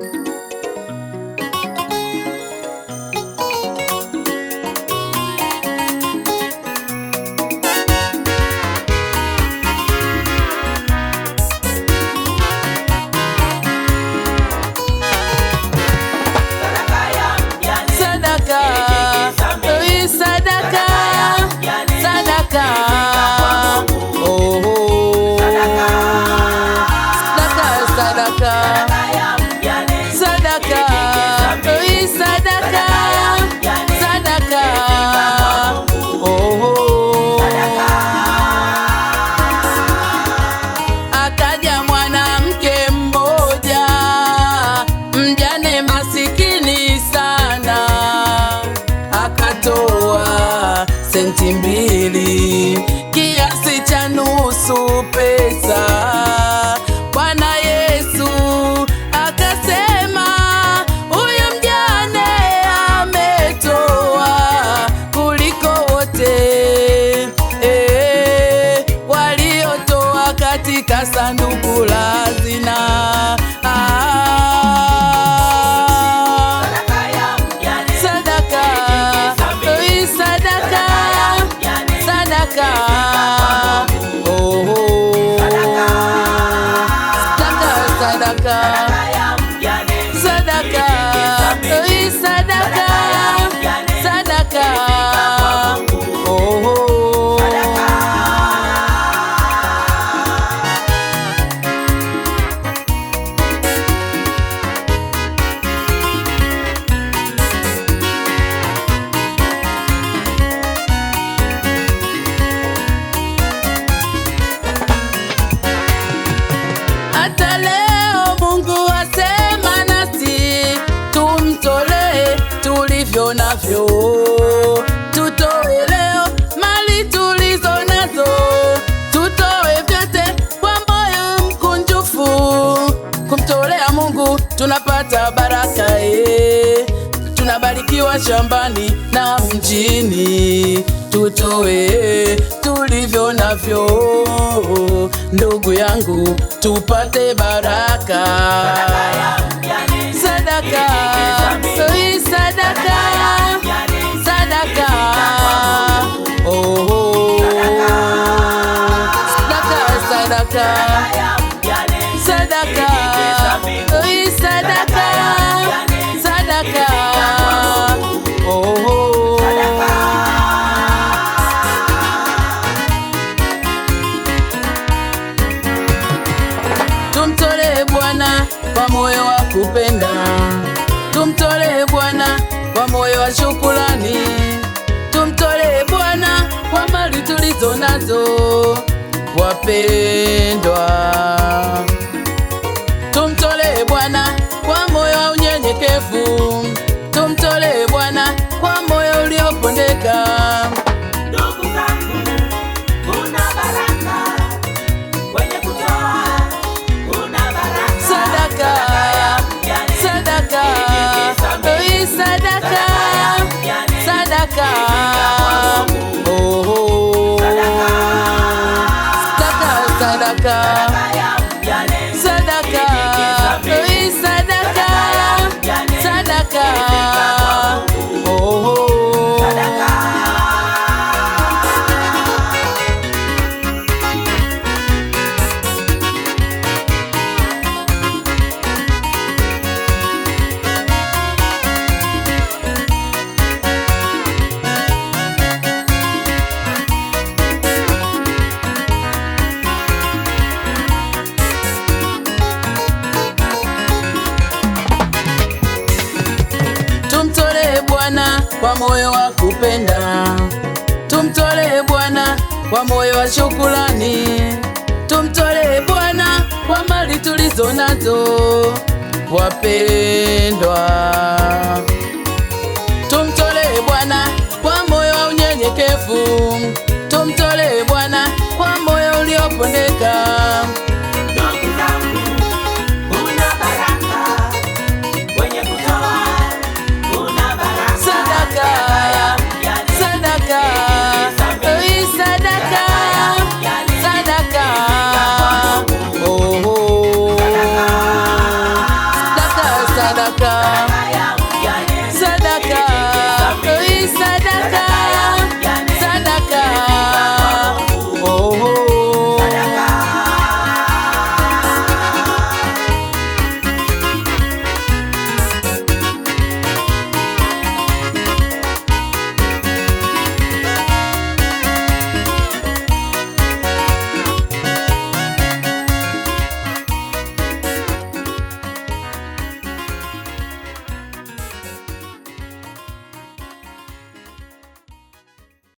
Thank you. casa tunapata baraka eh, tunabarikiwa shambani na mjini, tutoe tulivyo navyo, ndugu yangu, tupate baraka sadaka sadaka sadaka oh, oh sadaka sadaka sadaka kwa moyo wa kupenda, tumtolee Bwana kwa moyo wa shukrani, tumtolee Bwana kwa mali tulizo nazo wapee sadaka oh, sadaka sadaka sadaka sadaka kwa moyo wa kupenda, tumtolee Bwana kwa moyo wa shukrani, tumtolee Bwana kwa mali tulizo nazo, wapendwa.